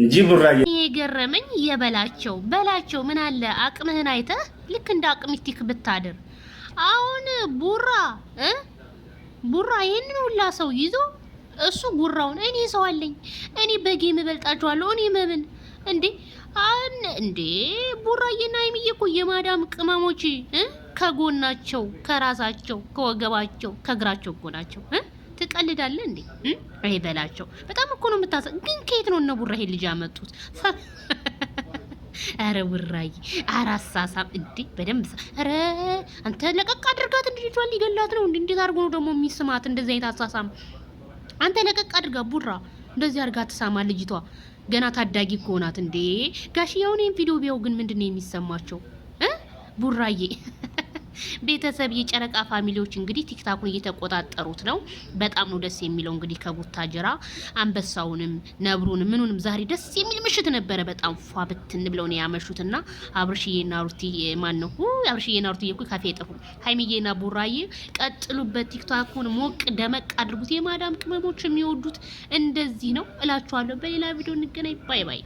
እንጂ ቡራዬ የገረመኝ የበላቸው በላቸው ምን አለ አቅምህን አይተህ ልክ እንደ አቅሚቲክ ብታድር። አሁን ቡራ እ ቡራ ይህንን ሁላ ሰው ይዞ እሱ ጉራውን እኔ ሰው አለኝ እኔ በጌም እበልጣቸዋለሁ እኔ መምን እንዴ አን እንዴ ቡራዬና ሀይሚዬ እኮ የማዳም ቅመሞች ከጎናቸው ከራሳቸው ከወገባቸው ከእግራቸው ጎናቸው እ ትቀልዳለህ እንዴ? ይሄ በላቸው በጣም እኮ ነው የምታሰ ግን ከየት ነው እነ ቡራ ልጅ ያመጡት? አረ ውራይ አረ እንዴ በደንብ አረ አንተ ለቀቅ አድርጋት። እንዴ ልጇን ሊገላት ነው እንዴ? እንዴት አድርጎ ነው ደግሞ የሚስማት? እንደዚህ አይነት አሳሳም አንተ ለቀቅ አድርጋ ቡራ እንደዚህ አድርጋ ትሳማ ልጅቷ ገና ታዳጊ እኮ ናት እንዴ። ጋሽ የሆነ ቪዲዮ ቢያው ግን ምንድነው ነው የሚሰማቸው ቡራዬ? ቤተሰብ የጨረቃ ፋሚሊዎች እንግዲህ ቲክታኩን እየተቆጣጠሩት ነው። በጣም ነው ደስ የሚለው እንግዲህ ከቡታ ጅራ አንበሳውንም ነብሩንም ምኑንም ዛሬ ደስ የሚል ምሽት ነበረ። በጣም ፏ ብትን ብለው ነው ያመሹትና አብርሽዬና ሩቲ ማን ነው አብርሽዬ ና ሩቲ እኮ ካፌ ጠፉ። ሀይሚዬ ና ቡራዬ ቀጥሉበት፣ ቲክታኩን ሞቅ ደመቅ አድርጉት። የማዳም ቅመሞች የሚወዱት እንደዚህ ነው እላችኋለሁ። በሌላ ቪዲዮ እንገናኝ። ባይ ባይ።